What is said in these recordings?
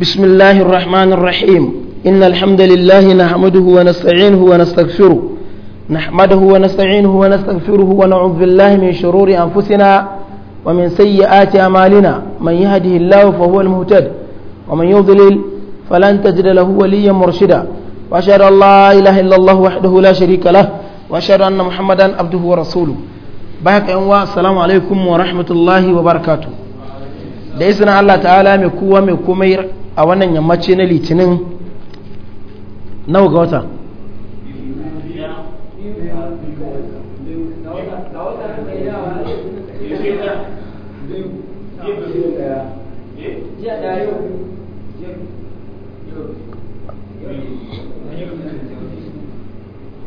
بسم الله الرحمن الرحيم إن الحمد لله نحمده ونستعينه ونستغفره نحمده ونستعينه ونستغفره ونعوذ بالله من شرور أنفسنا ومن سيئات أعمالنا من يهده الله فهو المهتد ومن يضلل فلن تجد له وليا مرشدا وأشهد أن لا إله إلا الله وحده لا شريك له وأشهد أن محمدا عبده ورسوله بارك أنواع السلام عليكم ورحمة الله وبركاته da izinin Allah ta'ala mai kowa mai komai a wannan yammaci na litinin nawa ga wata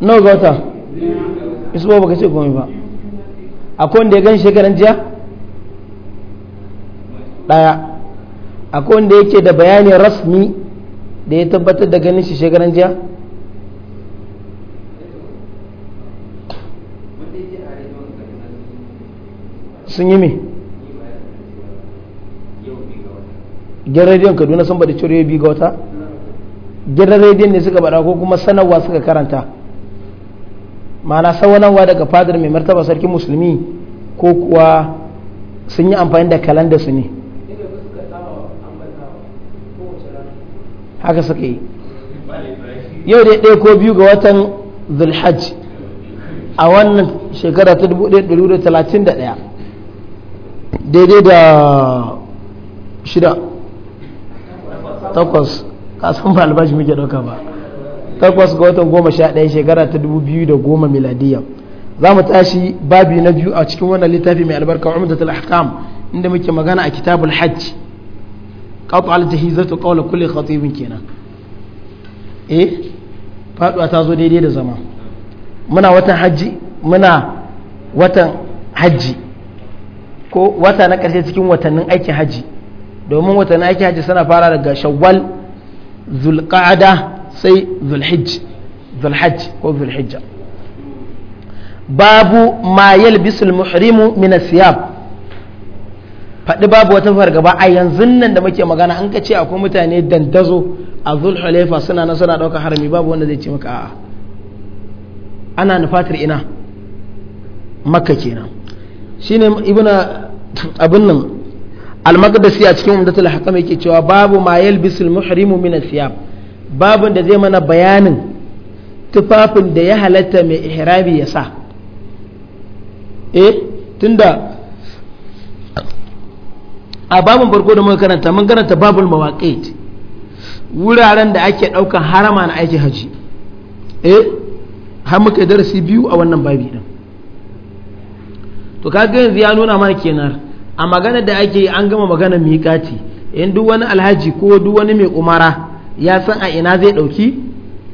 nawa ga wata isu ba baka ce komi ba akwai wanda ya gan shekaran jiya daya akwai wanda yake da bayani rasmi da ya tabbatar da ganin shi shekaran jiya sun yi me gidan rediyon kaduna sun baɗi cire biyu ga wata gidan rediyon ne suka bada ko kuma sanarwa suka karanta ma'ana sawanarwa daga fadar mai martaba sarki musulmi ko kuwa sun yi amfani da kalanda su ne haka suka yi yau da ɗaya ko biyu ga watan zulhaj a wannan shekara ta 1131 daidai da shida takwas kasan ba albashi muke ɗauka ba takwas ga watan goma sha ɗaya shekara ta dubu biyu da goma miladiyya za mu tashi babi na biyu a cikin wannan littafi mai albarka umdatul talakam inda muke magana a kitabul hajj qat'a al-jahizatu qawla kulli khatibin kenan eh faduwa ta zo daidai da zama muna watan hajji muna watan hajji ko wata na ƙarshe cikin watannin aikin hajji domin watannin aikin hajji suna fara daga shawwal zulqa'ada sai zulhijj ko zulhijja babu ma yalbisul muhrimu min faɗi babu wata fargaba a yanzu nan da muke magana an ka ce akwai mutane dandazo a zulhulaifa suna na suna ɗauka harami babu wanda zai ce maka a'a ana nufatar ina makka kenan shine ibna abin nan al-maqdisi a cikin umdatul hakam yake cewa babu ma yalbisul muhrimu min athiyab da zai mana bayanin tufafin da ya halatta mai ihrami ya sa eh tunda a babin farko da muka karanta mun karanta babul mawaqit wuraren da ake daukan harama na aiki haji eh har muka darasi biyu a wannan babi din to kaga yanzu ya nuna mana kenan a magana da ake an gama magana miƙati in duk wani alhaji ko duk wani mai umara ya san a ina zai dauki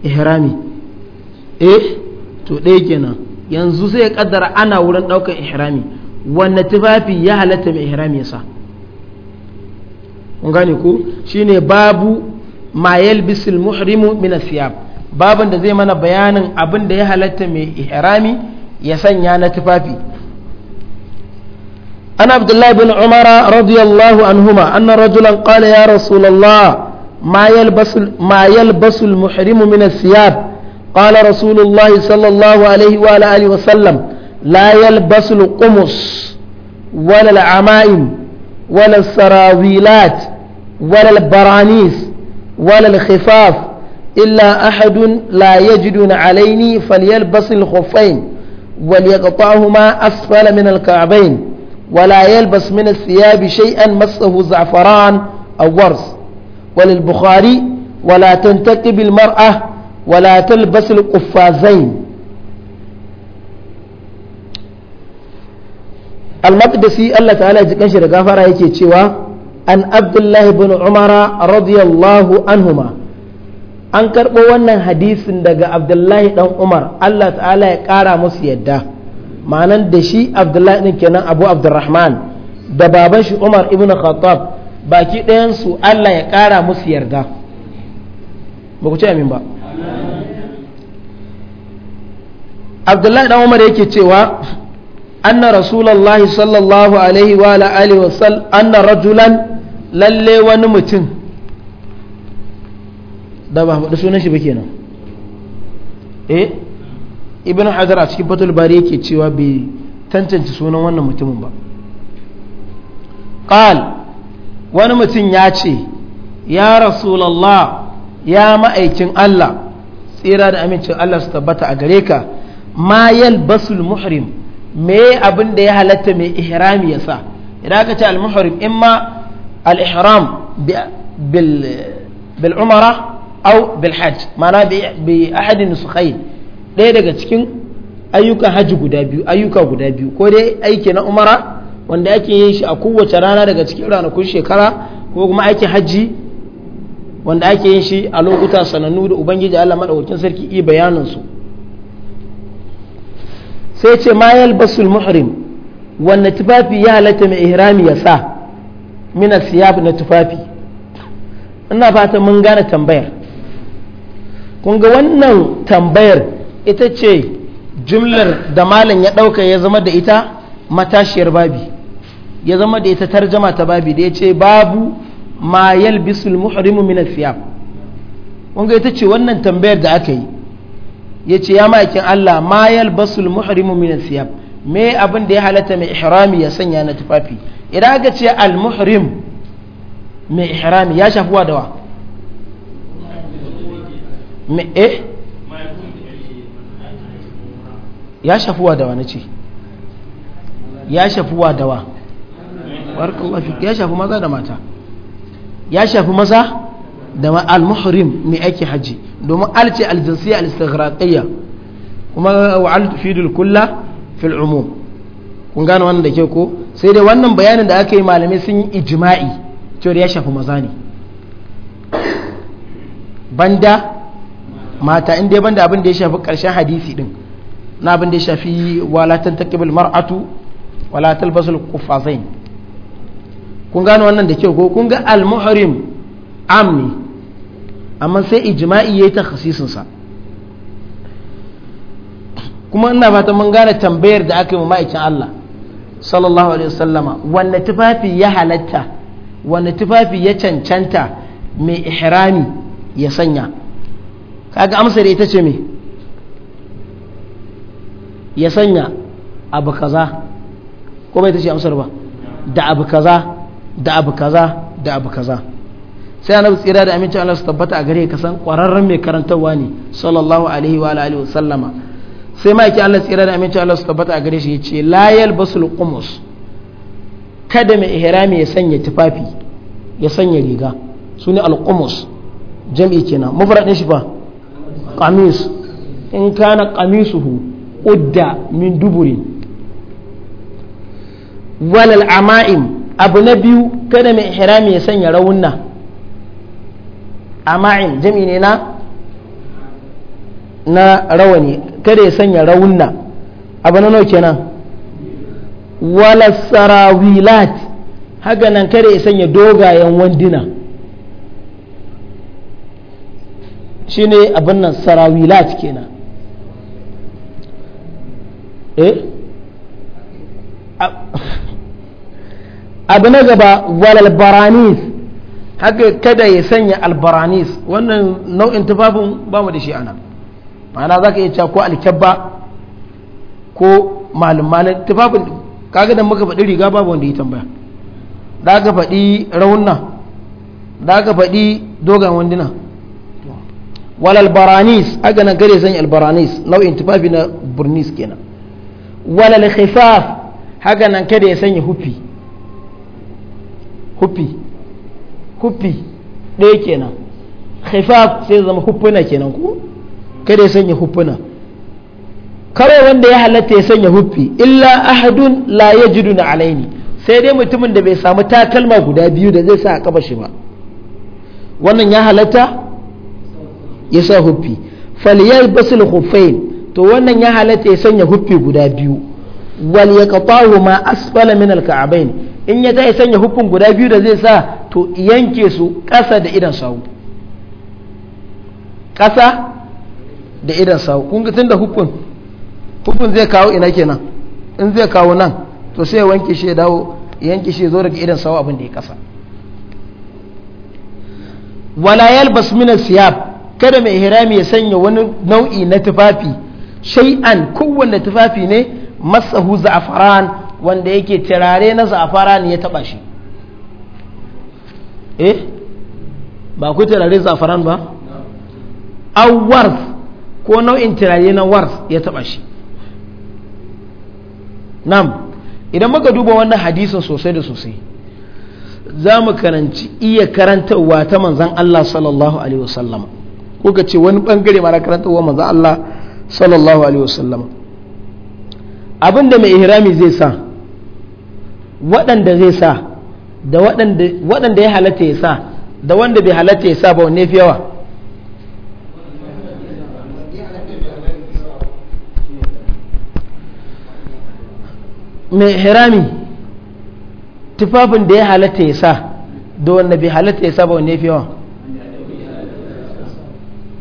ihrami eh to ɗaya kenan yanzu sai ya kaddara ana wurin daukan ihrami wanne tufafi ya halatta mai ihrami ya sa kun ko shine babu ma yalbisul muhrimu min asiyab baban da zai mana bayanin abin da ya halatta mai ihrami ya sanya na tufafi an abdullahi bin umara radiyallahu anhuma anna rajulan qala ya rasulullah ما يلبس ما يلبس المحرم من الثياب قال رسول الله صلى الله عليه وعلى اله وسلم لا يلبس ولا العمائم ولا السراويلات ولا البرانيس ولا الخفاف إلا أحد لا يجد عليني فليلبس الخفين وليقطعهما أسفل من الكعبين ولا يلبس من الثياب شيئا مسه زعفران أو ورس وللبخاري ولا تنتقب المرأة ولا تلبس القفازين المقدسي الله Allah ta'ala ji kanshi da gafara yake cewa an abdullahi bin umara radiyallahu anhuma an karɓo wannan hadisin daga abdullahi dan umar Allah ta'ala ya ƙara musu yadda ma'anan da shi abdullahi din kenan abu abdurrahman da baban shi umar ibn khattab baki ɗayansu Allah ya ƙara musu yarda ba ku ce amin ba abdullahi dan umar yake cewa أن رسول الله صلى الله عليه وعلى آله وسلم أن رجلا للي ونمتن ده ما سنة شبكينا إيه ibn hajar a cikin fatul bari yake cewa bai tantance sunan wannan mutumin ba qal wani mutum ya ce ya rasulallah ya ma'aikin allah tsira da amincin allah su tabbata a gare ka ma yalbasul muhrim me abin da ya halatta mai ihram ya sa idan aka ce al-muhrim imma al-ihram bil bil umara aw bil hajj ma'ana bi ahad ɗaya daga cikin ayyukan hajji guda biyu ayyuka guda biyu ko dai aiki na umara wanda ake yin shi a kowace rana daga cikin ranakun shekara ko kuma aikin hajji wanda ake yin shi a lokuta sanannu da ubangiji Allah madaukakin sarki i bayanin su sai ce ma yalbasul muhrim wanne tufafi ya halatta mai ihrami ya sa mina na tufafi ina fata mun gane tambayar kun ga wannan tambayar ita ce jumlar da malam ya ɗauka ya zama da ita matashiyar babi ya zama da ita tarjama ta babi da ya ce babu ma yalbisul muhrimu min siyab kun ita ce wannan tambayar da aka yi ya ce ya ma'aikin Allah ma yalbasul muhrimu min siyab me abin da ya halatta mai ihrami ya sanya na tufafi idan aka ce al muhrim mai ihrami ya shafi wa dawa me eh ya shafi wa dawa nace ya shafi wa dawa barakallahu ya shafi maza da mata ya shafi maza da ma al-muhrim mai aiki haji domin alce ce al al-istighraqiyya kuma wa al al kulla fil umum kun gano wannan da ke ko sai dai wannan bayanin da aka yi malamai sun yi ijma'i cewa ya shafi maza ne banda mata in dai banda abin da ya shafi karshen hadisi din na abin da ya shafi wala tantaqibil mar'atu wala talbasul quffazain kun gano wannan da ke ko kun ga al-muhrim am ne amma sai ijma'i yi ta khasisin kuma ina fata mun gane tambayar da aka yi ma'aikin Allah sallallahu alaihi wasallama wanne tufafi ya halatta wanne tufafi ya cancanta mai ihrami ya sanya kaga amsar ita ce me ya sanya abu kaza ko bai ta ce amsar ba da abu kaza da abu kaza da abu kaza sai annabi tsira da amincin Allah su tabbata a gare ka san kwararren mai karantarwa ne sallallahu alaihi wa alihi sallama sai ma yake Allah tsira da amincin Allah su tabbata a gare shi yace la yalbasul qumus kada mai ihrami ya sanya tufafi ya sanya riga sune al qumus jam'i kenan mufradin shi fa qamis in kana qamisuhu udda min duburin walal ama'im abu na biyu kada mai ihrami ya sanya rawunna ama'in jami ne na na rawani kada ya sanya raunna abu na nauke nan wala sarawilat haka nan kada ya sanya dogayen wandina shi ne abin nan sarawilat kenan eh abu na gaba walal haka kada ya sanya albaranis wannan nau'in tufafin ba mu da shi ana ma'ana za ka iya cewa ko alkyabba ko malin tufafin kaga da muka faɗi riga babu wanda ya tambaya da ka faɗi raunna da ka faɗi dogon wandina wal albaranis aga nan kada ya sanya albaranis nau'in tufafi na burnis kenan wal alkhifaf haka nan kada ya sanya hufi hufi huffi ɗaya kenan khifaf sai zama huffuna kenan ku kada ya sanya huffuna kare wanda ya halatta ya sanya huffi illa ahadun la yajiduna alaini sai dai mutumin da bai samu takalma guda biyu da zai sa a kafa shi ba wannan ya halatta ya sa huffi faliyar basil huffain to wannan ya halatta ya sanya huffi guda biyu wal ya kafahu ma asfala min alka'abain in ya ta ya sanya huffin guda biyu da zai sa to yanke su ƙasa da idan sawu ƙasa da idan sawu kun ga tunda hukun hukun zai kawo ina kenan in zai kawo nan to sai wanke shi ya dawo yanke shi zo daga idan sawu abin da ya ƙasa walayal yalbas siyab kada mai Hirami ya sanya wani nau'i na tufafi shay'an kowanne tufafi ne masahu za'afaran wanda yake tirare na za'afaran ya taba shi eh ba ku turare zafaran ba an ko nau'in turare na wars ya taba shi nam idan muka duba wannan hadisin sosai da sosai za mu karanci iya karantarwa ta manzan Allah sallallahu alaihi wasallam ko ka ce wani bangare mara karantarwa manzan Allah sallallahu alaihi wasallam abinda mai ihrami zai sa waɗanda zai sa da waɗanda ya halatta ya sa da wanda bai halatta ya sa ba wanne fi yawa mai hirami tufafin da ya halatta ya sa da wanda bai halatta ya sa ba wanne fi yawa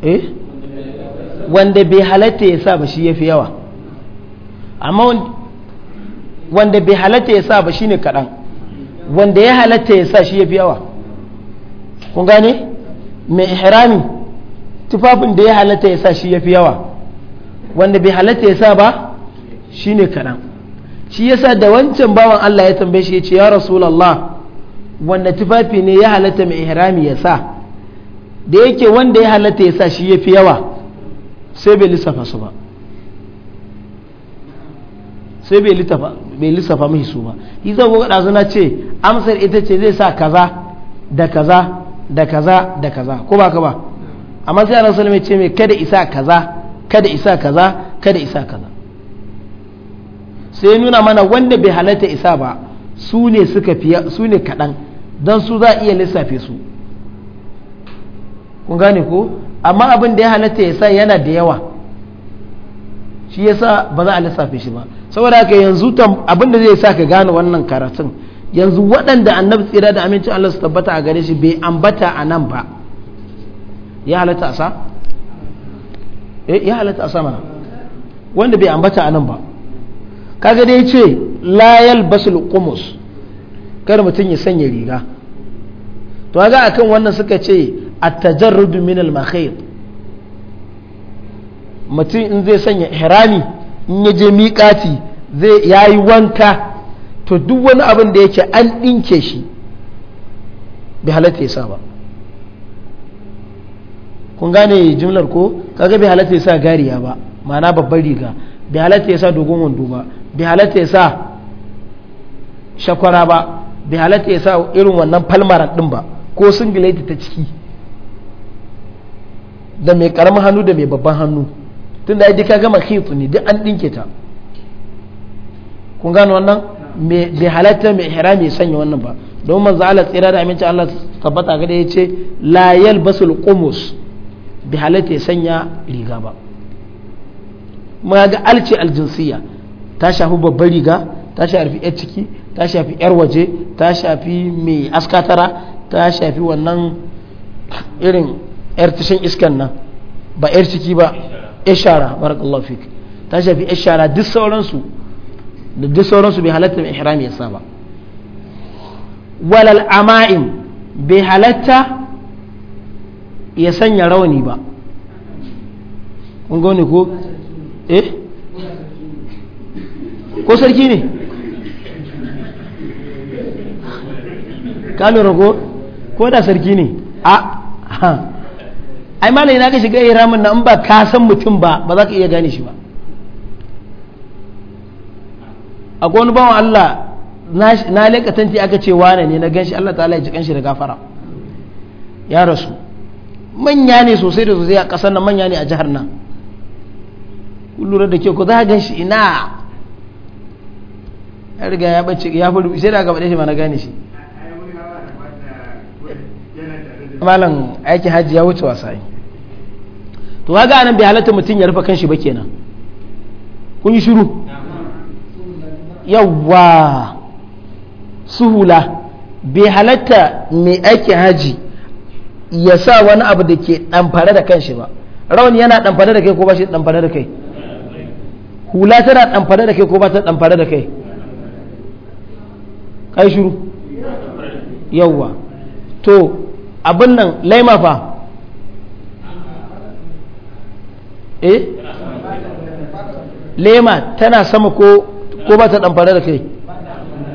eh wanda bai halatta ya sa ba shi ya fi yawa amma wanda bai halatta ya sa ba shi ne kaɗan wanda ya halatta ya sa shi ya fi yawa kun gane mai ihrami tufafin da ya halatta ya sa shi ya fi yawa wanda bai halatta ya sa ba shi ne kaɗan shi ya sa da wancan bawan Allah ya tambaye shi ya ce ya rasulallah wanda tufafi ne ya halatta mai ihrami ya sa da yake wanda ya halatta ya sa shi ya fi yawa sai bai lissafa su ba sai bai bai lissafa mahi su ba yi zai kuka ɗazu na ce amsar ita ce zai sa kaza da kaza da kaza da kaza ko ba ka ba amma sai annabi sallallahu ce mai kada isa kaza kada isa kaza kada isa kaza sai ya nuna mana wanda bai halatta isa ba su ne suka fiya su ne kaɗan don su za a iya lissafe su kun gane ko amma abin da ya halatta ya sa yana da yawa shi yasa ba za a lissafe shi ba saboda ka yanzu abin da zai sa ka gane wannan karatun yanzu waɗanda annabi tsira da amincin Allah su tabbata a gare shi bai ambata a nan ba ya halatta a sa eh, ya halatta a sama wanda bai ambata a nan ba kaga dai ce layal basul qumus kar mutum ya sanya riga to kaga akan wannan suka ce at tajar min al-makhayt mutum in zai sanya ihrami in ya je miƙati zai yayi wanka to duk wani abin da yake an ɗinke shi bai halatta ya sa ba kun gane jimlar ko kaga bai halatta ya sa gariya ba ma'ana babbar riga bai halatta ya sa dogon wando ba bai halatta ya sa shakwara ba bai halatta ya sa irin wannan falmaran din ba ko singileti ta ciki da mai karamin hannu da mai babban hannu tun da ya kaga gama hitu ne duk an ɗinke ta kun gano wannan bai halatta mai ihrami ya sanya wannan ba don manzo Allah tsira da aminci Allah tabbata ga da yace la yalbasul qumus bi halatta ya sanya riga ba ma ga alci aljinsiya ta shafi babbar riga ta shafi yar ciki ta shafi yar waje ta shafi mai askatara ta shafi wannan irin yar tashin iskan nan ba yar ciki ba ishara barakallahu fik ta shafi ishara duk sauransu da duk sauransu bai halatta mai ihrami ya sa ba walal ama'im bai halatta ya sanya rauni ba kun ne ko eh ko sarki ne kalura ko ko da sarki ne a ai malai na ka shiga iramin na in ba ka san mutum ba ba za ka iya gane shi ba akwai wani bawan Allah na leka aka ce wane ne na ganshi Allah ta'ala ya ji ganshi da gafara ya rasu manya ne sosai da sosai a ƙasar nan manya ne a jihar nan lura da kyau ko za a ganshi ina ya riga ya bace ya fi sai da aka shi ma na gane shi malam aikin hajji ya wuce wasa yi to ga anan bai halatta mutum ya rufe kanshi ba kenan kun yi shiru yawwa suhula bai halatta mai ake haji ya sa wani abu da ke ɗamfare da kanshi ba rauni yana ɗamfare da kai ko ba shi ɗamfare da kai hula tana ɗamfare da kai ko ba ta ɗamfare da kai kai shuru yawwa to abin nan laima fa eh lema tana sama ko ko ba ta damfara da kai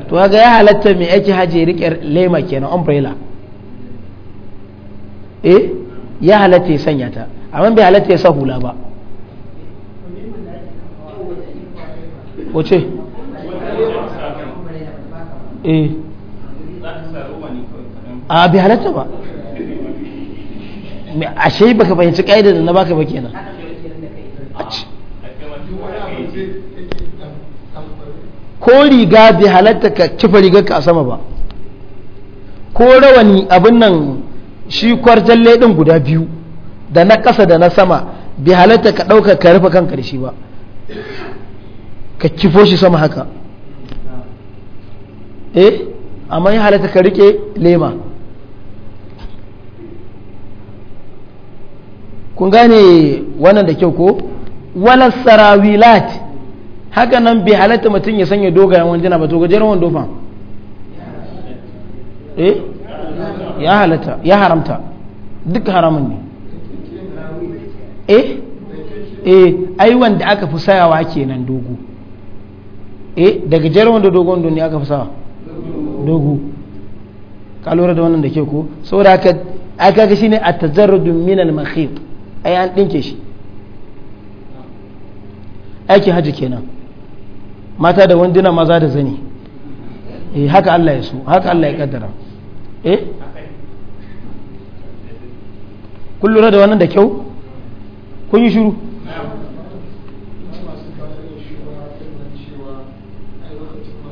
to ga ya halatta mai aiki haji riƙe lema kenan umbrella eh ya halatta ya sanya ta amma bai halatta ya sa hula ba wace eh a bai halatta ba ashe baka fahimci ka'idar da na baka ba kenan ko riga bai halatta ka kifa rigarka a sama ba ko rawani abin nan shi kwarjalle ɗin guda biyu da na ƙasa da na sama bai halatta ka ɗauka ka rufe kan ƙarshe ba ka cifo shi sama haka eh amma yi halatta ka riƙe lema kun gane wannan da kyau ko wala sarawilati haka nan bai halatta mutum ya sanya dogayen wanduna ba to gajeren wando fa eh ya halatta ya haramta duk haramun ne eh eh ai wanda aka fi sayawa kenan dogo eh daga gajeren wando dogon ne aka fi sawa dogo ka lura da wannan da ke ko saboda aka aka ga shine at-tajarrudun min al-makhit ai an dinke shi aiki haji kenan mata da wanduna maza da zani eh haka Allah ya so haka Allah ya kaddara eh kun lura da wannan da kyau kun yi shiru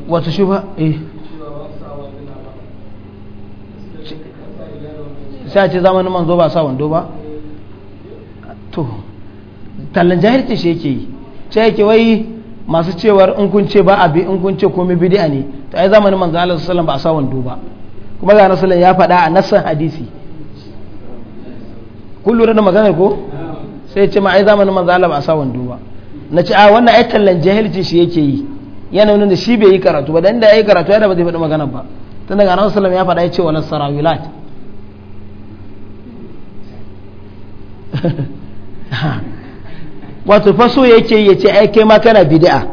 wata shuba eh sai a ce zamanin manzo ba sa wando ba to tallan jahilci shi yake yi shi yake wai masu cewar in kun ce ba a bi in kun ce komai bid'a ne to ai zamanin manzo Allah sallallahu ba a sa duba kuma ga rasulun ya faɗa a nassan hadisi kun lura da maganar ko sai ce ma ai zamanin manzo Allah ba a sa na ce a wannan ai tallan jahilci shi yake yi yana nuna shi bai yi karatu ba dan da yayi karatu yana ba zai faɗi magana ba tun daga ranar sallam ya faɗa ya ce wala sarawilat ah. wato fa so yake ya ce ai kai ma kana bid'a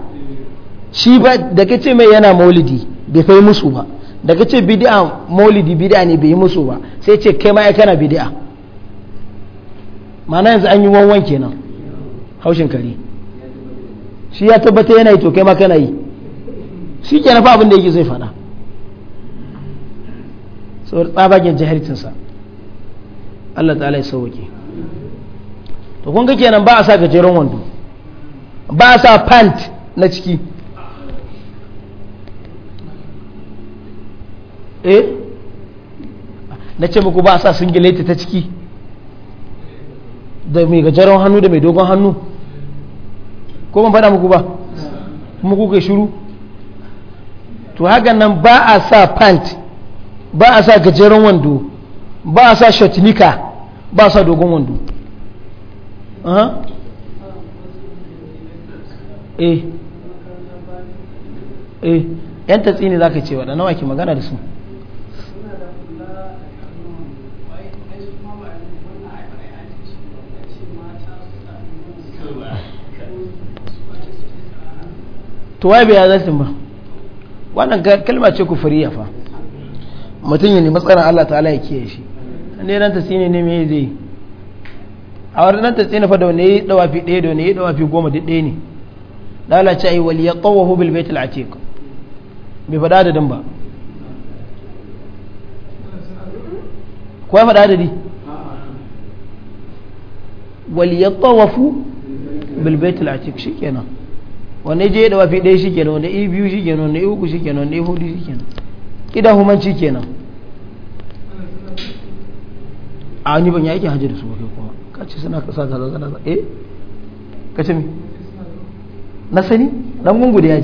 shi ba da kace mai yana maulidi bai kai musu ba da kace bid'a maulidi bid'a ne bai yi musu ba sai ce kai ma ai kana bid'a ma'ana yanzu an yi wanwan kenan haushin kare shi ya tabbata yana yi to kai ma kana yi shi kenan fa abin da yake zai faɗa saboda tsabagen sa Allah ta'ala ya sauke to kun ga kenan ba a sa gajeren wando ba a sa pant na ciki eh na ce muku ba a sa singileti ta ciki da mai gajeren hannu da mai dogon hannu ko ban faɗa muku ba kuma kai shiru to haka nan ba a sa pant ba a sa gajeren wando ba a sa shotnika ba a sa dogon wando eh eh yan tatsi ne za ka ce waɗanda nawa ke magana da su to wai bai zartin ba wannan kalma ce ya fa mutum ya nemi tsarin Allah ta'ala ya kiyaye shi ne ran sine ne me zai yi a wannan ta tsina fa da wani yayi dawafi ɗaya da wani yayi dawafi goma da ɗaya ne lalace ai tsawo hu bil baitil atiq bai faɗa da dan ba ko ya faɗa da di tsawo yatawafu bil baitil atiq shikenan wanne je da wafi ɗaya shikenan wanne i biyu shikenan wanne i uku shikenan wanne i hudu shikenan kida humanci kenan a ni ban ya yake hajji da su ba ka suna kasa kaza za eh ka ce na sani dan gungu da ya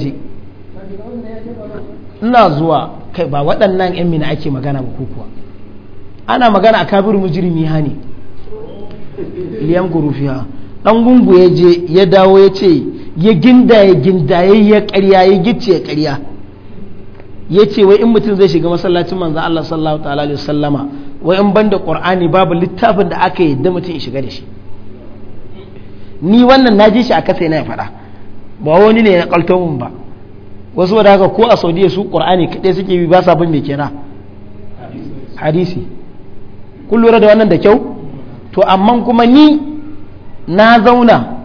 ina zuwa kai ba waɗannan yan mina ake magana ba ko kuwa ana magana a kabiru mujrimi ha ne liyan gurufiya dan gungu ya je ya dawo ya ce ya ginda ya ginda ya ƙarya ya karya. ya ƙarya ya ce wai in mutum zai shiga masallacin manzo Allah sallallahu ta'ala alaihi wasallama wai in banda qur'ani babu littafin da aka yadda mutum ya shiga da shi ni wannan na ji shi a kasa na ya faɗa ba wani ne na mun ba wasu wadda haka ko a saudiya su qur'ani kaɗai suke bi ba sa bin mai kenan hadisi kun lura da wannan da kyau to amma kuma ni na zauna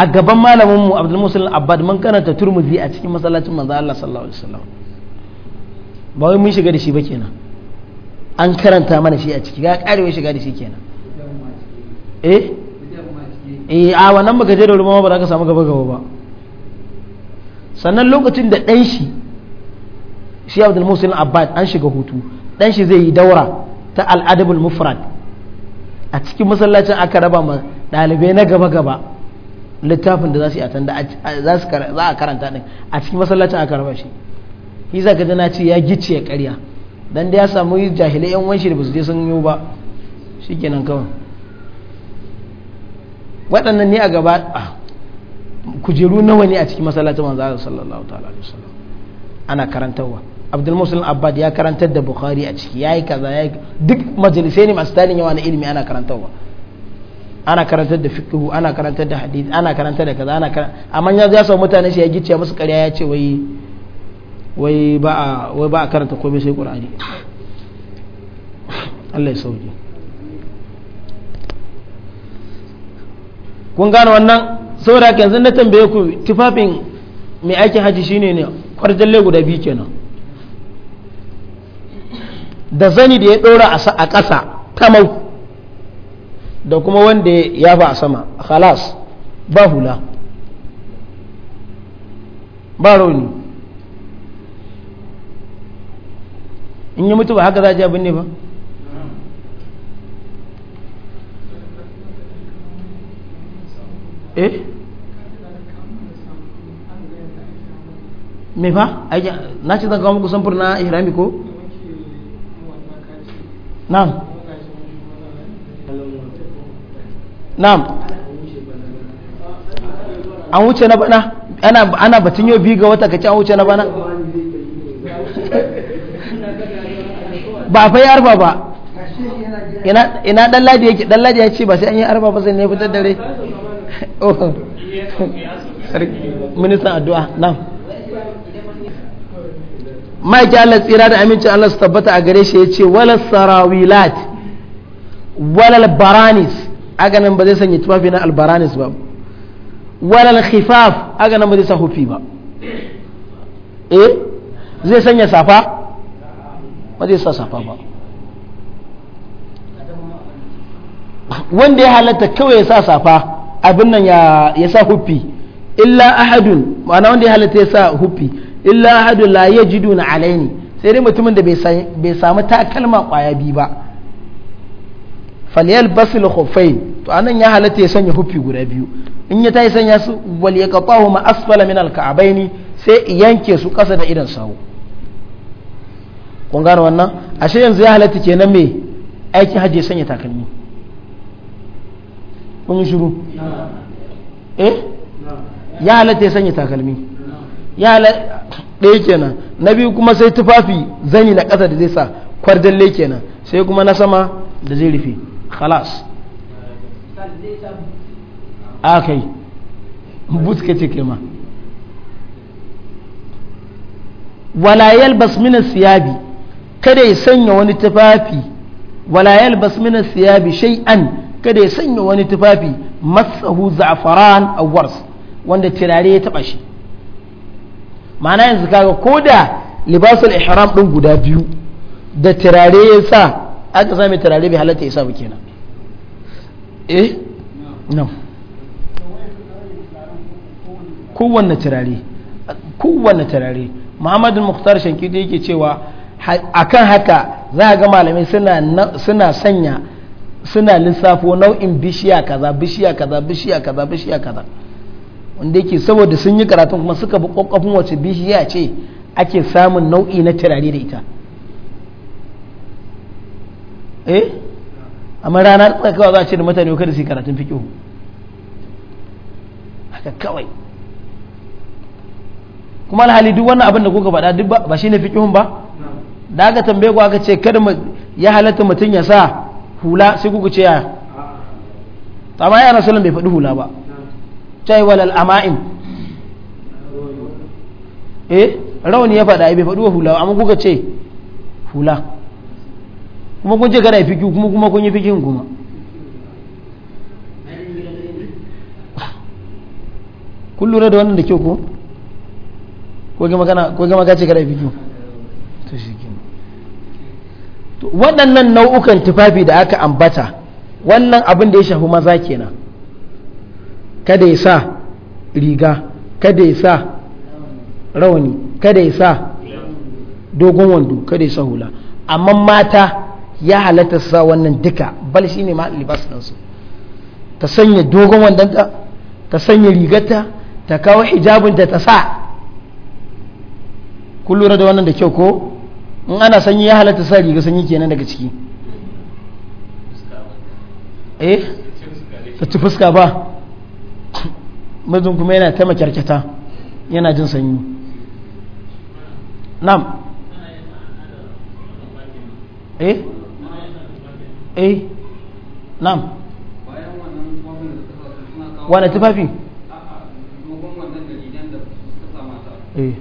a gaban malamin mu Abdul Musul Abbad mun karanta Turmuzi a cikin masallacin manzo Allah sallallahu alaihi wasallam ba wai mun shiga da shi ba kenan an karanta mana shi a ciki ga karewa shiga da shi kenan eh eh a wannan baka je da ruwa ba za ka samu gaba gaba ba sannan lokacin da dan shi shi Abdul Musul Abbad an shiga hutu dan shi zai yi daura ta al-adabul mufrad a cikin masallacin aka raba ma dalibai na gaba gaba littafin da za su yi a tanda za a karanta ɗin a cikin masallacin a karba shi shi za ka dana ce ya gice ya karya dan da ya samu jahilai yan wanshi da ba su je sun yi ba shikenan kawai waɗannan ne a gaba kujeru nawa ne a cikin masallacin manzo Allah sallallahu ta'ala alaihi wasallam ana karantarwa Abdul Muslim Abbad ya karantar da Bukhari a ciki yayi kaza yayi duk majalisai ne masu tarin yawa na ilimi ana karantarwa ana karantar da fiqh ana karantar da hadith ana karantar da kaza ana amma yanzu ya samu mutane shi ya gice musu ƙarya ya ce wai wai ba a wai ba a karanta komai sai qur'ani Allah ya sauke kun gane wannan saboda yanzu na tambaye ku tufafin mai aikin haji shine ne lego guda biyu kenan da zani da ya dora a ƙasa tamau da kuma wanda ya fi a sama khalas ba hula ba rauni in yi mutu ba haka za a ji abin ne ba eh me fa na ce zan kawo muku samfur na ihrami ko na na'am an wuce na bana ana batun yau biyu ga wata ka an wuce na bana ba fa yi arba ba ina dan ladi yake dan ladi ya ce ba sai an yi arba ba sai ne fitar rai oh. ministan addu'a na'am ma'aiki Allah tsira da amincin Allah su tabbata a gare shi ya ce wala sarawilat wala baranis a ganin ba zai sanya tufafi na albaranis ba walal khifaf a ganin ba zai sa hufi ba eh zai sanya safa ba zai sa safa ba wanda ya halatta kawai ya sa safa abin nan ya sa hufi illa ahadun ma'ana wanda ya halatta ya sa hufi illa ahadun la yajiduna alaini sai dai mutumin da bai samu takalma kwaya biyu ba faliyal basil khuffain to anan ya halatta ya sanya hufi guda biyu in ya tayi sanya su wal yaqtahu ma asfala min al ka'baini sai yanke su kasa da idan sawu kun gane wannan ashe yanzu ya halatta kenan me aiki hajji sanya takalmi kun shiru eh ya halatta ya sanya takalmi ya halatta ɗaya kenan na biyu kuma sai tufafi zani na ƙasa da zai sa kwardalle kenan sai kuma na sama da zai rufe khalas a kai but siyabi kada ya sanya wani tufafi wala yalbas min siyabi wanda tirare ya taba shi ma'ana yanzu kaga da libasul ihram din guda biyu da tirare ya sa aka sami tirare bai halatta ya sa ba kenan eh no kowanne turare kowanne turare muhammadu mukhtar shankidi yake cewa akan haka za a ga malamai suna sanya suna lissafo nau'in bishiya kaza bishiya kaza bishiya kaza bishiya kaza wanda yake saboda sun yi karatun kuma suka bi kwakwafin wace bishiya ce ake samun nau'i na turare da ita eh amma rana ɗaya kawai za a ce da mutane kada su yi karatun fiƙihu haka kawai kuma alhali duk wannan abin da kuka faɗa duk ba shi ne fiƙihun ba da aka tambaye ku aka ce kada ya halatta mutum ya sa hula sai kuka ce yaya amma ya rasulun bai faɗi hula ba cai walal ama'im eh rauni ya faɗa bai faɗi wa hula amma kuka ce hula kuma kun ce kada fiki kuma kuma kun yi fikin kuma kun lura da wannan da kyau ko ko gama ka ce kada fiki to shi waɗannan nau'ukan tufafi da aka ambata wannan abin da ya shafi maza kenan kada ya sa riga kada ya sa rauni kada ya sa dogon wando kada ya sa hula amma mata ya halatta sa wannan duka bal shi ne ma libas ɗinsu ta sanya dogon wandonta ta sanya rigarta ta kawo hijabinta ta sa kun lura da wannan da kyau ko in ana sanyi ya halatta sa riga sanyi kenan daga ciki eh ta ci fuska ba mazin kuma yana ta makyarkyata yana jin sanyi nam eh eh nam wane tufafi eh.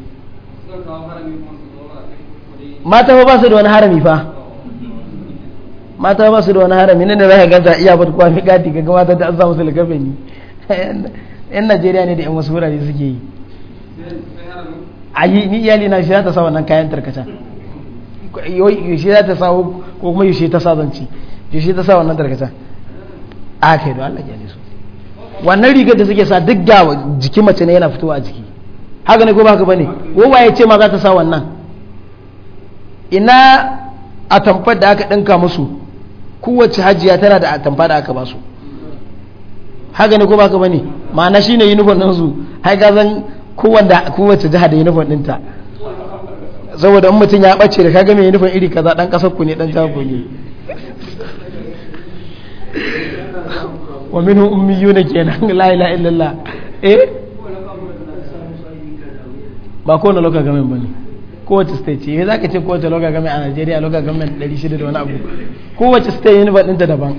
mata ba su da wani harami fa mata ba su da wani harami nan da za ka ganta iya ba kuwa fi gadi ga mata da an samu su lagafe ni yan najeriya ne da yan wasu wurare suke yi ayi ni iyali na shi za ta sa wannan kayan tarkacen shi za ta sa ko kuma yushe ta sa zanci to shi ta sa wannan tarkacen a kai don Allah kyale su wannan rigar da suke sa duk da jiki mace ne yana fitowa a jiki haka ne ko ba ka bane ko ba ya ce ma za ta sa wannan ina a tamfar da aka ɗinka musu kowace hajiya tana da atamfa da aka ba su haka ne ko ba ka bane ma'ana shine uniform din su har ga zan kowace jiha da uniform ɗinta saboda in mutum ya ɓace da kaga mai uniform iri kaza ɗan ƙasar ku ne ɗan jihar ne wa minhum ummiyuna kenan la ilaha illallah eh ba ko na local government bane wace state ce za ka ce kowace local government a Najeriya local government 600 da wani abu wace state uniform ɗinta daban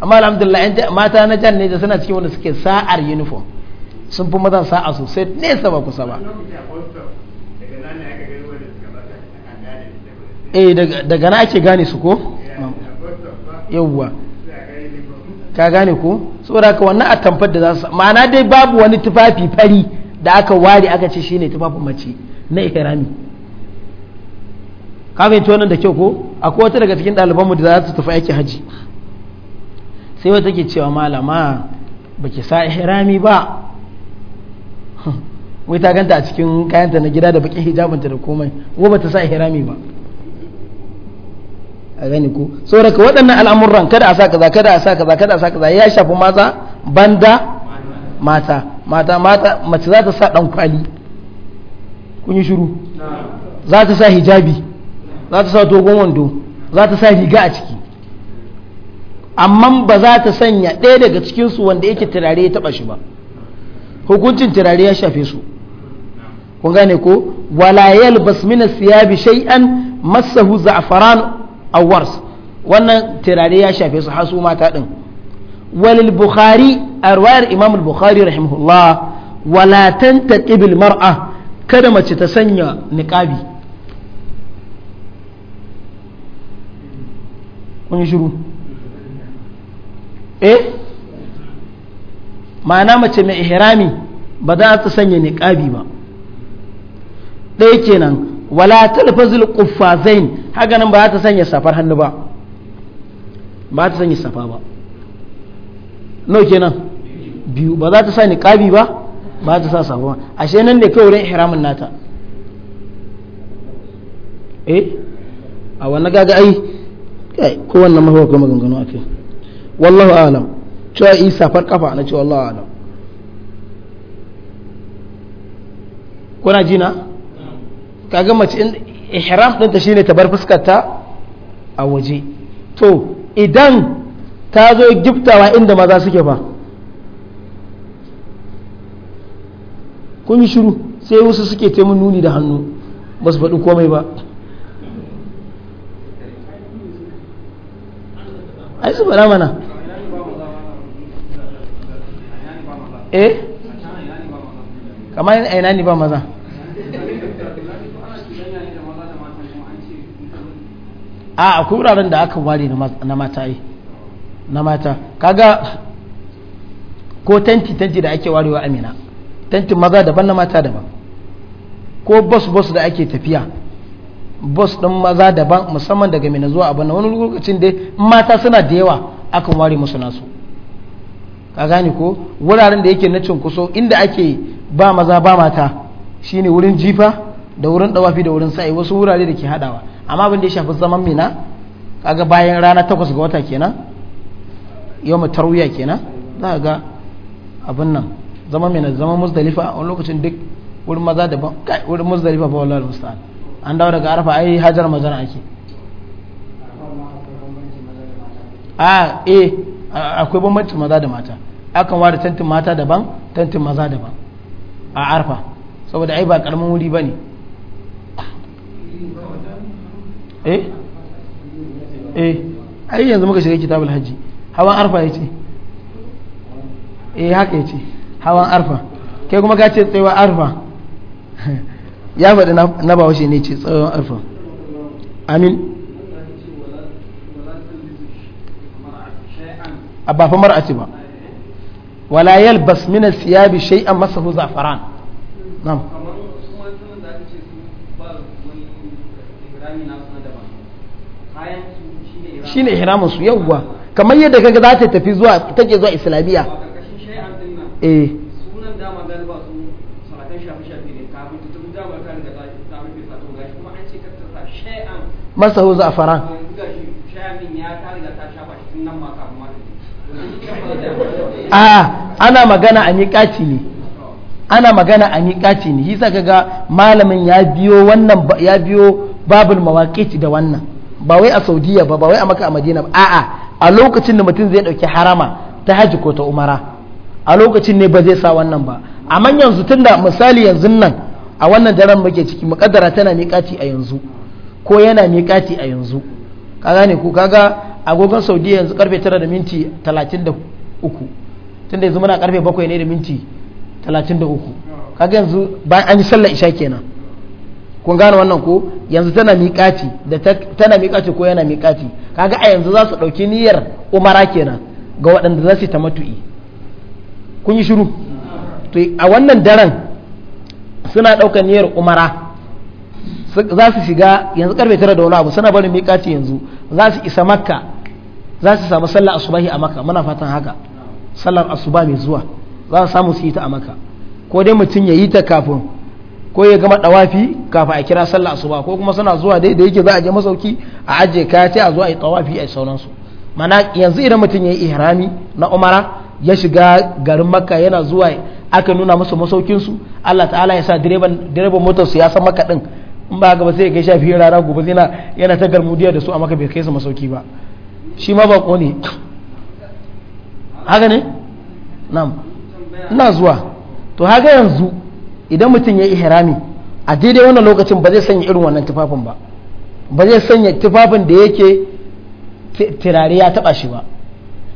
amma alhamdulillah yan mata na jan ne suna cikin wanda suke sa'ar uniform sun fi mazan sa'a sosai nesa ba kusa ba eh daga na ake gane su ko yawwa ka gane ko saboda haka wannan a tamfar da za su ma'ana dai babu wani tufafi fari da aka ware aka ce shine tufafin mace na ikrami ka fahimci wannan da kyau ko akwai wata daga cikin mu da za su tafi aiki haji sai wata ke cewa malama baki sa ihrami ba wai ta ganta a cikin kayanta na gida da bakin hijabinta da komai ko bata sa ihrami ba a gani ko saboda waɗannan al'amuran kada a sa kaza kada a sa kaza kada a sa kaza ya shafi maza banda mata mata mata mace za ta sa dan kwali kun yi shiru za ta sa hijabi za ta sa dogon wando za ta sa riga a ciki amma ba za ta sanya ɗaya daga cikin su wanda yake turare ya taba shi ba hukuncin turare ya shafe su kun gane ko wala basmina min siyabi shay'an massahu za'faran awars wannan turare ya shafe su hasu mata din walil bukhari a ruwayar imam bukhari rahimahullah wala tantaqibil mar'a kada mace ta sanya niqabi kun shiru eh ma'ana mace mai ihrami ba za ta sanya niƙabi ba ɗaya kenan wala talfazul quffazain haka nan ba ta sanya safar hannu ba ba ta sanya safa ba nau kenan biyu ba za ta sa niqabi ba ba ta sa safa ba ashe nan ne kawai wurin ihramin nata eh a wannan gaga ai kai ko wannan mafi akwai maganganu a kai wallahu alam cewa yi safar kafa na ce wallahu alam kuna jina kaga mace in ihram ɗinta shine ta bar fuskarta a waje to idan ta zo giftawa inda maza suke ba kun shiru sai wasu suke taimun nuni da hannu ba su faɗi komai ba ai su faɗa mana eh kamar aina ba maza a akwai wuraren da aka ware na mata yi na mata kaga ko tanti tanti da ake warewa amina tenti maza daban na mata daban ko bus bus da ake tafiya bus din maza daban musamman daga mina zuwa na wani lokacin dai mata suna da yawa akan ware musu nasu ka gane ko wuraren da yake na kusa inda ake ba maza ba mata shine wurin jifa da wurin dawafi da wurin sa'i wasu wurare da ke hadawa amma abin da ya shafi zaman mina kaga bayan rana takwas ga wata kenan yau mu tarwiya kenan za ka ga abin nan zaman mina zaman musdalifa a lokacin duk wurin maza daban kai wurin musdalifa ba wallahi musta'an an dawo daga arafa ai hajar mazana ake a eh akwai bambancin maza da mata akan ware tantin mata daban tantin maza daban a arfa saboda ai ba karamin wuri bane eh eh ai yanzu muka shiga kitabul hajji hawan arfa ya ce eh haka ya ce hawan arfa kai kuma ka ce tsayawa arfa ya faɗi na ba washe ne ce tsayawan arfa amin a ba famar a ce ba wala yalbas min siyabi shay'an masahu zafaran na'am kamar kuma da ake ce ba wani ibrahim na shin ne su yawwa kamar yadda kaga za ta tafi zuwa take zuwa da ta ke zuwa islamiyya. a ana magana a miƙaci ne ana magana a miƙaci ne shi kaga malamin ya biyo wannan ya babul mawaƙi da wannan ba wai a saudiya ba ba wai a maka a madina ba a'a a lokacin da mutum zai dauki harama ta haji ko ta umara a lokacin ne ba zai sa wannan ba amma yanzu tunda misali yanzu nan a wannan daren muke ciki mukaddara tana miƙati a yanzu ko yana miƙati a yanzu ka gane ko kaga agogon saudiya yanzu karfe 9 da minti 33 tunda yanzu muna karfe 7 ne da minti 33 kaga yanzu bayan an yi sallar isha kenan kun gane wannan ko yanzu tana miƙaci da tana miƙaci ko yana miƙaci kaga a yanzu za su ɗauki niyyar umara kenan ga waɗanda za su ta matu'i kun yi shiru to a wannan daren suna ɗaukar niyyar umara za su shiga yanzu karfe tara da wani abu suna barin miƙaci yanzu za su isa makka za su samu sallar asubahi a makka muna fatan haka sallar asuba mai zuwa za su samu su yi ta a makka ko dai mutum ya yi ta kafin ko ya gama dawafi kafin a kira sallah asuba ko kuma suna zuwa dai da yake za a je masauki a aje kati a zuwa a yi tawafi a sauransu mana yanzu idan mutum ya yi ihrami na umara ya shiga garin makka yana zuwa aka nuna masa su allah ta'ala ya sa direban direban motar su ya san makka din in ba gaba sai ya kai shafi rana gobe zina yana ta garmudiya da su a maka bai kai su masauki ba shi ma bako ne haka ne na'am ina zuwa to haka yanzu idan mutum ya yi hirami a daidai wannan lokacin ba zai sanya irin wannan tufafin ba ba zai sanya tufafin da yake turare ya taba shi ba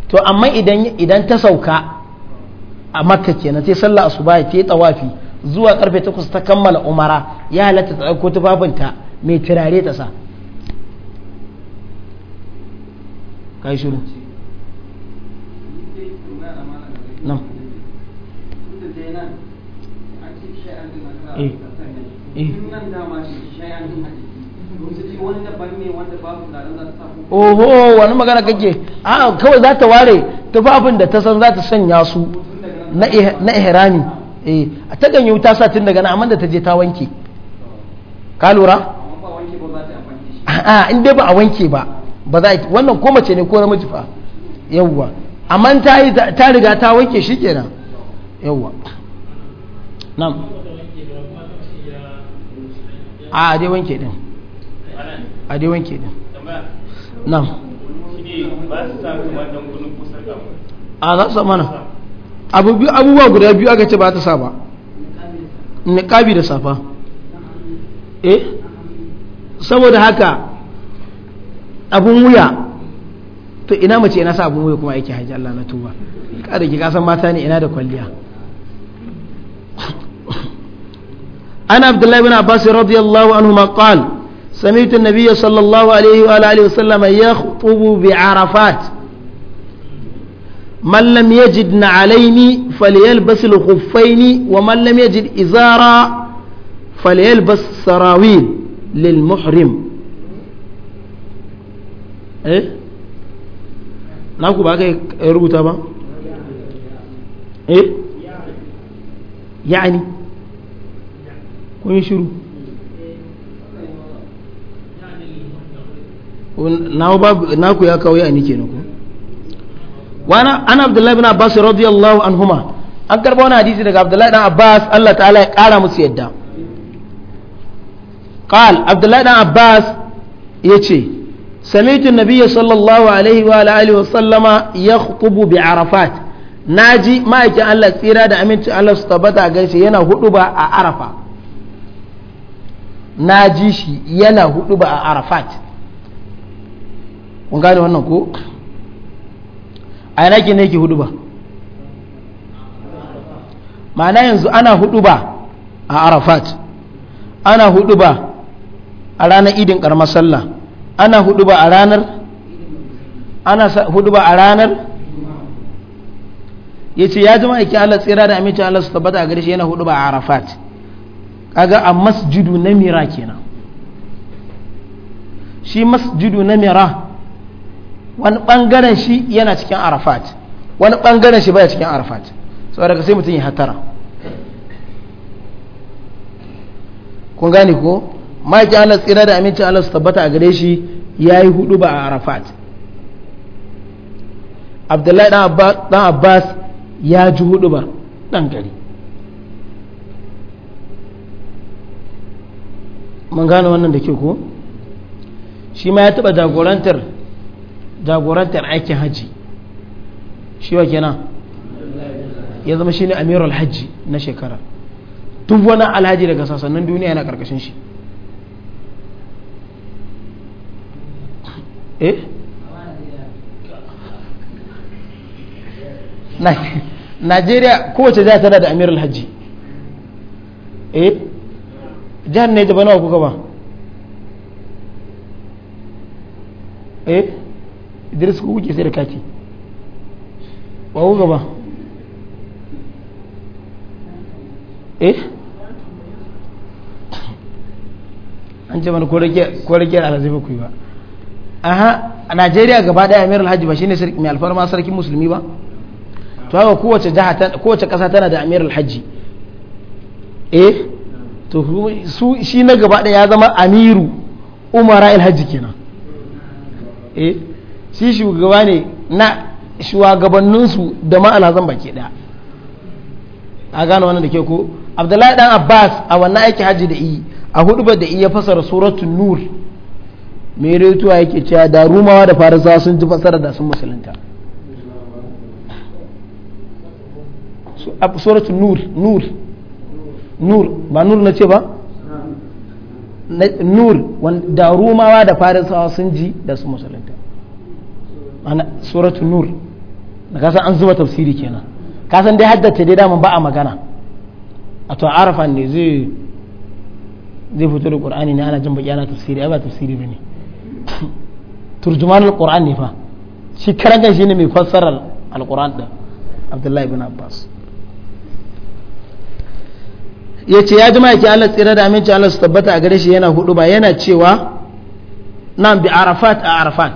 to amma idan ta sauka a makka na sai sallah asuba ta yi tawafi zuwa karfe 8 ta kammala umara ya halatta ta dauko tufafinta mai turare ta sa kai shiru nan Eh, eh. oho wani magana kake a kawai za ta ware tufafin da ta san za ta sanya su na eh, ihrami a ta ganyo ta sa tun daga nan amma da ta je ta wanke ka lura a in dai ba a wanke ba ba za wannan ko mace ne ko namiji fa yawwa amma ta riga ta wanke shi kenan yawwa na'am a dai wanke din a dai wanke din nan a za su mana abubuwa guda biyu aka ce ba ta sa ba niƙabi da safa eh saboda haka abun wuya to ina mace ina sa abun wuya kuma aiki hajji Allah na tuba kada ki san mata ne ina da kwalliya أنا عبد الله بن عباس رضي الله عنهما قال سمعت النبي صلى الله عليه وآله وسلم يخطب بعرفات من لم يجد نعلين فليلبس الخفين ومن لم يجد إزارا فليلبس سراويل للمحرم إيه نعم بقى ربطة إيه يعني kun shiru na ku ya kawo ya ni kenan ku wana an abdullahi bin abbas radiyallahu anhuma an karba wani hadisi daga abdullahi dan abbas Allah ta'ala ya kara musu yadda qal abdullahi dan abbas ya ce an nabiya sallallahu alaihi wa alihi wa sallama yakhutubu bi arafat ji ma'aikin Allah tsira da aminci Allah su tabbata gaishe yana hudu ba a arafa na ji shi yana hudu ba a arafat kun gane wannan ko a yana ke ne ke hudu ba ma'ana yanzu ana hudu ba a arafat ana hudu ba a ranar idin karamar sallah ana hudu ba a ranar ana hudu ba a ranar ya ce ya ji ma'aikin allah tsira da amince allah su tabbata a gari shi yana hudu ba a arafat kaga a masjidu na mira kenan shi masjidu na mira wani bangaren shi yana cikin arafat wani bangaren shi baya cikin arafat sau daga sai mutum ya hatara kun gane ko maki Allah tsira da amincin Allah su tabbata a gare shi ya yi hudu ba a arafat abdullahi dan abbas ya ji hudu ba dan gari mun gano wannan da ke ko shi ma ya taɓa jagorantar jagorantar aikin hajji shi wa kenan ya zama shi ne amirul hajji na shekara duk wani alhaji daga sassanin duniya yana karkashin shi eh nigeria kowace jiha tana da amirul hajji eh jihar ne da nawa kuka ba eh idris ku kuke sai da kaki ba kuka ba eh an ce mana korakiyar alazai ba ku yi ba aha a najeriya gaba daya amir alhaji ba shine mai alfarma sarkin musulmi ba to haka kowace kowace kasa tana da amir alhaji eh to su shi na gaba ɗaya ya zama amiru umara alhaji kenan eh shi shugaba ne na shugabanninsu da ma alhazan baki ɗaya a gane wannan da ke ko abdullahi dan abbas a wannan aiki hajji da iyi a hudu da iya fasara suratul nur mai retuwa yake cewa da rumawa da farisa sun ji fasara da sun musulunta suratul nur nur nur ba nur na ce ba nur da rumawa da farisawa sun ji da su musulunta ana suratu nur da kasan an zuba tafsiri kenan kasan dai haddace dai daman ba a magana a to arafa ne zai zai fito da qur'ani ne ana jin baki ana tafsiri ai ba tafsiri bane turjumanul qur'an fa shi karanta shi ne mai fassarar alquran din abdullahi ibn abbas ya ce ya ji maki Allah tsira da aminci Allah su tabbata a gare shi yana hudu ba yana cewa nan bi arafat a arafat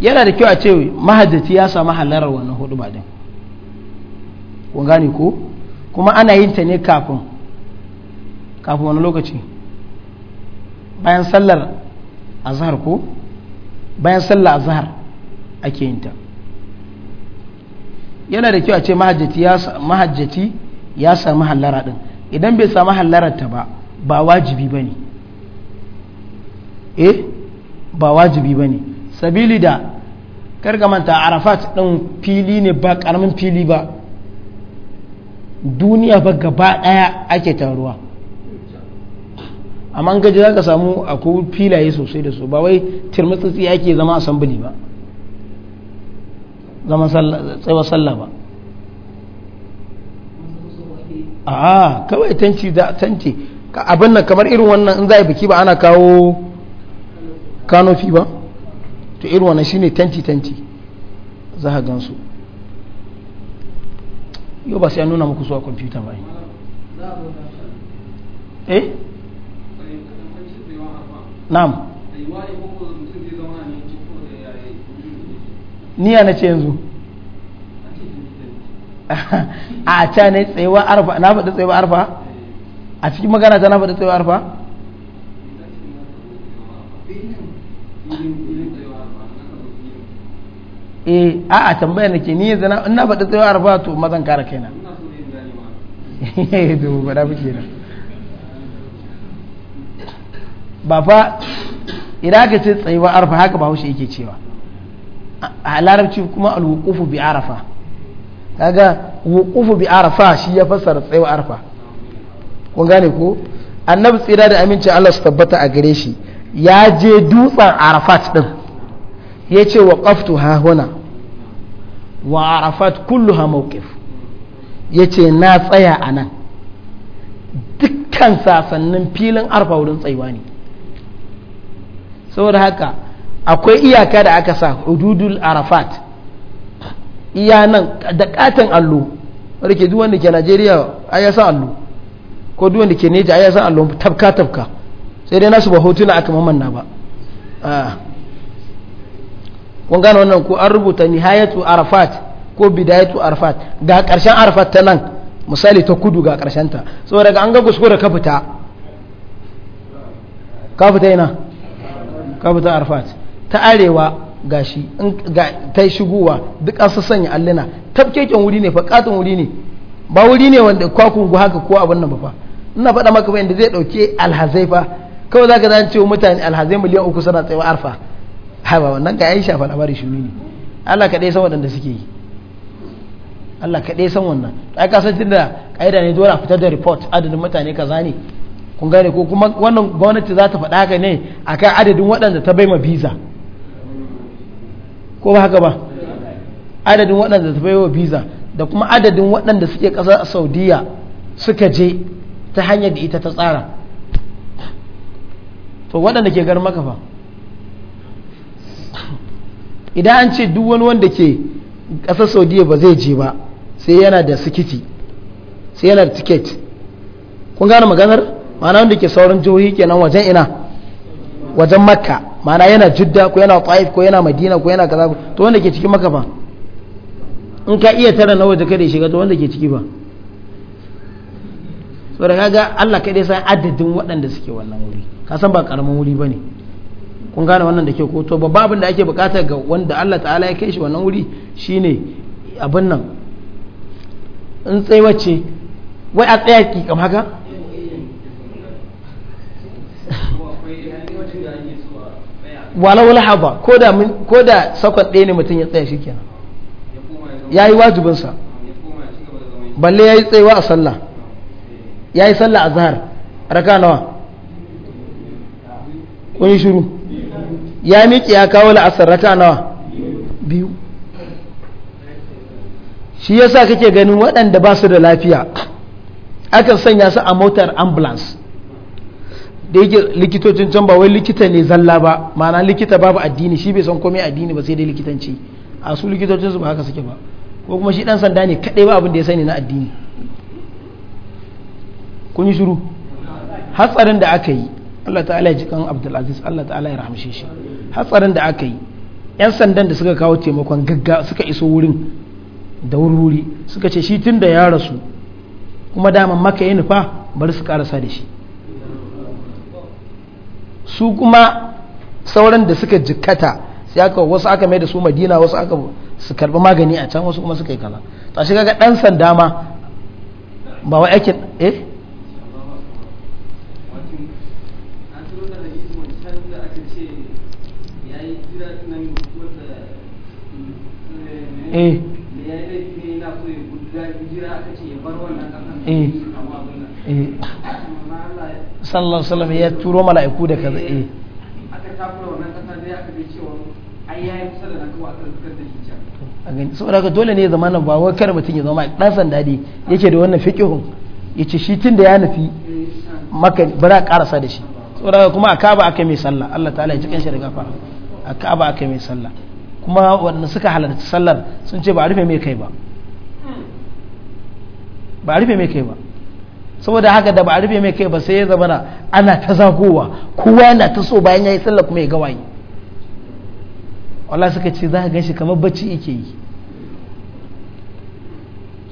yana da kyau a ce mahajjaci ya samu halarar wannan hudu ba din ku gane ko kuma ana yin ta ne kafin kafin wani lokaci bayan sallar azhar ko bayan sallar azhar ake yin ta yana da kyau a ce mahajjaci ya samu hallara din idan bai samu hallararta ba ba wajibi ba ne eh ba wajibi ba ne sabili da kargamanta arafat ɗin fili ne ba ƙaramin fili ba duniya ba gaba ɗaya ake taruwa amma gaji za ka samu akwai filaye sosai da su ba wai tirmitsitsi ake zama asambili ba zama tsawon sallah ba a kawai tanci da tanci abin nan kamar irin wannan in za a biki ba ana kawo kanofi ba to irin wannan shine tanci-tanci za a gansu yau ba sai an nuna muku su a kwamfuta ba eh na'am niya na ce yanzu a ca ne arfa na faɗi tsayewa arfa a cikin magana ta na faɗi tsayewa arfa eh a a tambaya nake ni yanzu in na faɗi tsayewa arfa to mazan kara kaina to ba da muke nan ba fa idan ka ce tsayewa arfa haka ba haushe yake cewa a larabci kuma alwukufu bi arafa kaga wuqufu bi arafa shi ya fassara tsayo arfa kun gane ko annabi tsira da aminci Allah su tabbata a gare shi ya je dutsen arafat din ya ce wa qaftu ha huna wa arafat kullu mawqif ya ce na tsaya anan nan dukkan sasannin filin arfa wurin tsayuwa ne saboda haka akwai iyaka da aka sa hududul arafat iya nan da katon allo wanda ke duk wanda ke najeriya a ya sa allo ko duk wanda ke neja a ya sa allo tafka tafka sai dai nasu ba hotuna aka mamanna ba ah. kun gane wannan ko an rubuta nihayatu arafat ko bidayatu arafat ga karshen arafat ta nan misali ta kudu ga karshen ta sau daga an ga kuskure ka fita ka fita ina ka fita arafat ta arewa gashi ta yi shigowa duk an sanya alluna tafkeken wuri ne fa katon wuri ne ba wuri ne wanda kwakun haka ko abin nan ba fa ina faɗa maka bayan da zai ɗauke alhazai fa kawai za ka zan ce mutane alhazai miliyan uku suna tsaye arfa ba wannan ga aisha shafa labari shi ne Allah kaɗai san waɗanda suke yi Allah kaɗai san wannan ai ka san tunda kaida ne dole a fitar da report adadin mutane kaza ne kun gane ko kuma wannan gwamnati za ta faɗa haka ne akan adadin waɗanda ta bai ma visa ko ba haka ba adadin waɗanda ta baiwa visa da kuma adadin waɗanda suke ƙasar saudiya suka je ta hanyar da ita ta tsara to waɗanda ke gar maka fa idan an ce duk wani wanda ke ƙasar saudiya ba zai je ba sai yana da sikiti sai yana da tiket kun gane maganar ma'ana wanda ke sauran jihohi kenan wajen ina wajen makka ma'ana yana jidda ko yana ta'if ko yana madina ko yana kaza to wanda ke cikin maka fa in ka iya tara na waje kada ya shiga to wanda ke ciki fa saboda kaga Allah kai dai san adadin waɗanda suke wannan wuri ka san ba karamin wuri bane kun gane wannan da ke ko to babba abin da ake bukata ga wanda Allah ta'ala ya kai shi wannan wuri shine abin nan in tsaiwace wai a tsaya ki kam haka walau lahaba ko da sakon ɗaya ne mutum ya tsaya shi kenan ya yi wajibinsa balle ya yi tsayawa a sallah ya yi sallah a zahar raka nawa kun yi shuru ya miƙe ya kawo la'asar raka nawa biyu shi yasa kake ganin waɗanda ba su da lafiya akan sanya su a motar ambulance da yake likitocin can ba wai likita ne zalla ba ma'ana likita babu addini shi bai san komai addini ba sai dai likitanci a su likitocin su ba haka suke ba ko kuma shi dan sanda ne kadai ba abin da ya sani na addini kun yi shiru hatsarin da aka yi Allah ta'ala ya ji kan Abdulaziz Allah ta'ala ya rahamshe shi hatsarin da aka yi yan sandan da suka kawo taimakon gagga suka iso wurin da wuri suka ce shi tun da ya rasu kuma daman maka ya nufa bari su karasa da shi su kuma sauran da suka jikkata sai aka wasu aka mai da su madina wasu aka su karbi magani a can wasu kuma suka yi kaza to shi kaga dan sanda ma ba wai aikin eh eh eh sallallahu alaihi wasallam ya turo mala'iku da kaza eh aka tafura wannan kasa dai aka bi cewa ai yayi kusa da nan aka fitar da shi a gani saboda ka dole ne ya zama nan ba wai kar mutun ya zama dan sanda dai yake da wannan fiqihun yace shi tunda ya nufi maka ba karasa da shi saboda kuma a kaba aka mai sallah Allah ta'ala ya cikin shi da gafara a kaba aka mai sallah kuma wanda suka halarci sallar sun ce ba a rufe mai kai ba hmm. ba a rufe mai kai ba saboda haka da ba a rufe mai kai ba sai ya zama ana ta zagowa kowa yana ta so bayan ya yi sallah kuma ya gawayi Allah suka ce za ka ganshi kamar bacci yake yi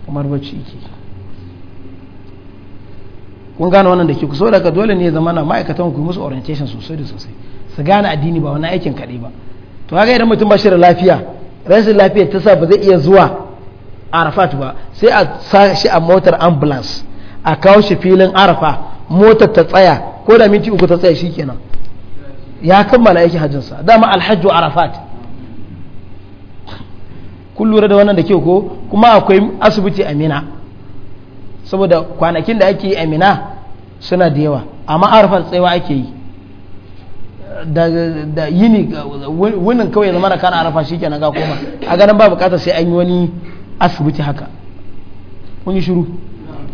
kamar bacci yake yi kun gane wannan da ke kusa daga dole ne ya zama na ma'aikatan ku musu orientation sosai da sosai su gane addini ba wani aikin kaɗai ba to haka idan mutum ba shi da lafiya rashin lafiya ta sa ba zai iya zuwa arafat ba sai a sa shi a motar ambulance a kawo shi filin arafa motar ta tsaya ko da minti uku ta tsaya shi kenan ya kammala aikin hajjinsa dama alhajju arafat kun lura da wannan da kyau ko kuma akwai asibiti a mina saboda kwanakin da ake yi a mina suna da yawa amma arafat tsayawa ake yi da yini wunin kawai zama da kana arafa shi kenan ga koma a ganin ba bukata sai an yi wani asibiti haka kun yi shiru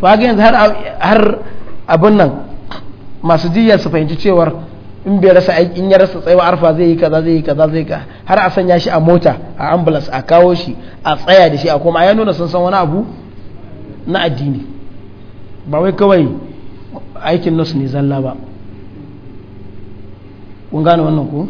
to yanzu har abin nan masu jiya su fahimci cewar in bai rasa aiki in ya rasa tsayuwa arfa zai yi kaza zai yi kaza zai ka har a sanya shi a mota a ambulance a kawo shi a tsaya da shi a koma ya nuna sun san wani abu na addini ba wai kawai aikin nasu ne zalla ba kun gane wannan ko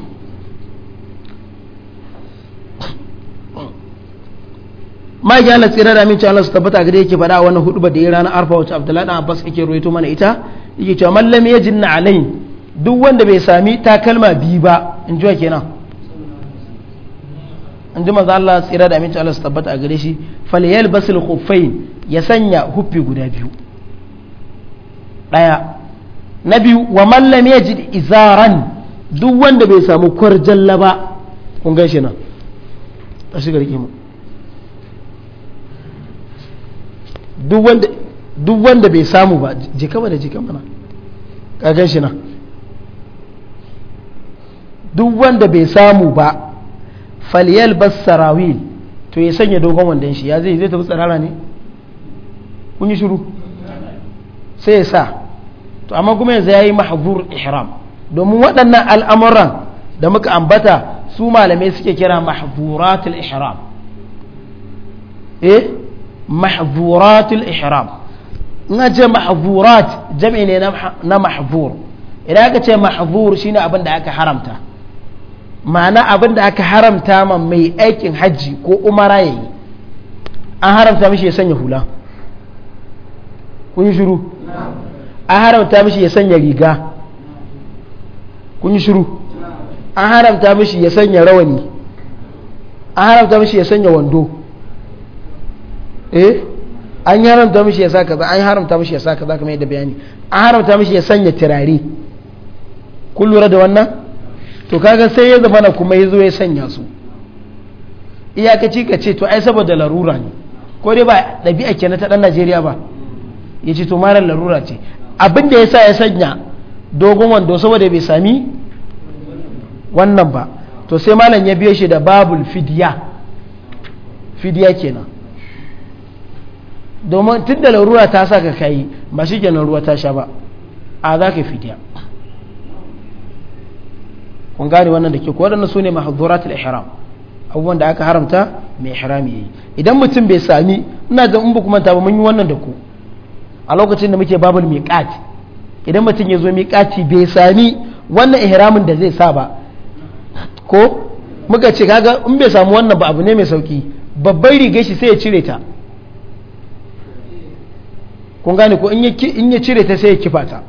ma ya Allah tsira da minci Allah su tabbata gare yake faɗa wani hudu da ya ranar arfa wacce Abdullahi dan Abbas yake ruwaito mana ita yake cewa man ya jinna alai duk wanda bai sami takalma biyu ba in ji kenan in ji manzo Allah tsira da minci Allah su tabbata a gare shi yalbasul khuffain ya sanya huffi guda biyu daya na biyu wa man yajid izaran duk wanda bai samu kwarjalla ba kun gan shi nan ta shiga rike mu duk wanda bai samu ba jika ba da jika mana shi nan duk wanda bai samu ba faliyal bas to ya sanya dogon shi ya zai zai tafi ne kun yi shiru sai ya sa to amma kuma yanzu ya yi ihram domin waɗannan al'amuran da muka ambata su malamai suke kira mahzuratul ihram eh mahdhuratul ihram ina ce mahdhurat jami'i ne na mahdhur idan aka ce mahdhur shine abin da aka haramta ma'ana abin da aka haramta ma mai aikin hajji ko umara yi an haramta mishi ya sanya hula kun yi shiru an haramta mishi ya sanya riga kun yi shiru an haramta mishi ya sanya rawani an haramta mishi ya sanya wando e eh? an haramta mishi ya sa za an haramta mishi ya sa kaza mai yadda bayani an haramta mishi ya sanya turare kun da wannan to kaga sai ya zama na kuma ya zo ya sanya su iyakaci ka ce to ai saboda larura ne ko dai ba ɗabi'a kenan ta ɗan Najeriya ba ya ce to marar larura ce abinda da ya sa ya sanya dogon wando saboda bai sami wannan ba to sai malam ya biyo shi da babul fidiya fidiya kenan domin tun da larura ta sa ka kayi ba shi kenan ruwa ta sha ba a za ka fidya kun gane wannan da ke kuwa waɗannan su ne mahaddurat al-ihram abubuwan da aka haramta mai ihram yayi idan mutum bai sami ina da in ba kuma ta ba mun yi wannan da ku a lokacin da muke babul miqat idan mutum ya zo miqati bai sami wannan ihramin da zai sa ba ko muka ce kaga in bai samu wannan ba abu ne mai sauki babbar rigar shi sai ya cire ta kun gane ko in ya cire ta sai ya kifa ta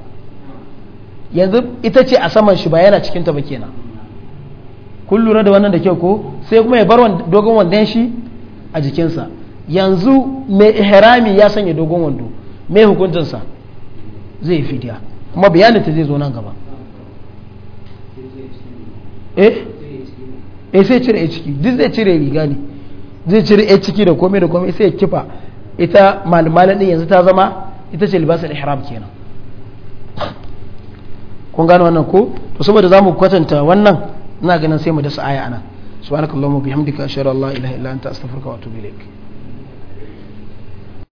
yanzu ita ce a saman shi ba yana cikinta ba kenan kun lura da wannan da kyau ko sai kuma ya bar dogon wandon shi a jikinsa yanzu mai ihrami ya sanya dogon wando mai hukuncinsa zai yi fidiya kuma bayanin ta zai zo nan gaba eh, eh sai cire a ciki duk zai cire riga ne zai cire a ciki da komai da komai sai ya kifa ita malmalin din yanzu ta zama ita ce libasar ihram kenan kun gano wannan ko to saboda zamu kwatanta wannan ina ganin sai mu dasa aya anan subhanakallahumma bihamdika ashhadu an la ilaha illa anta astaghfiruka wa atubu ilaik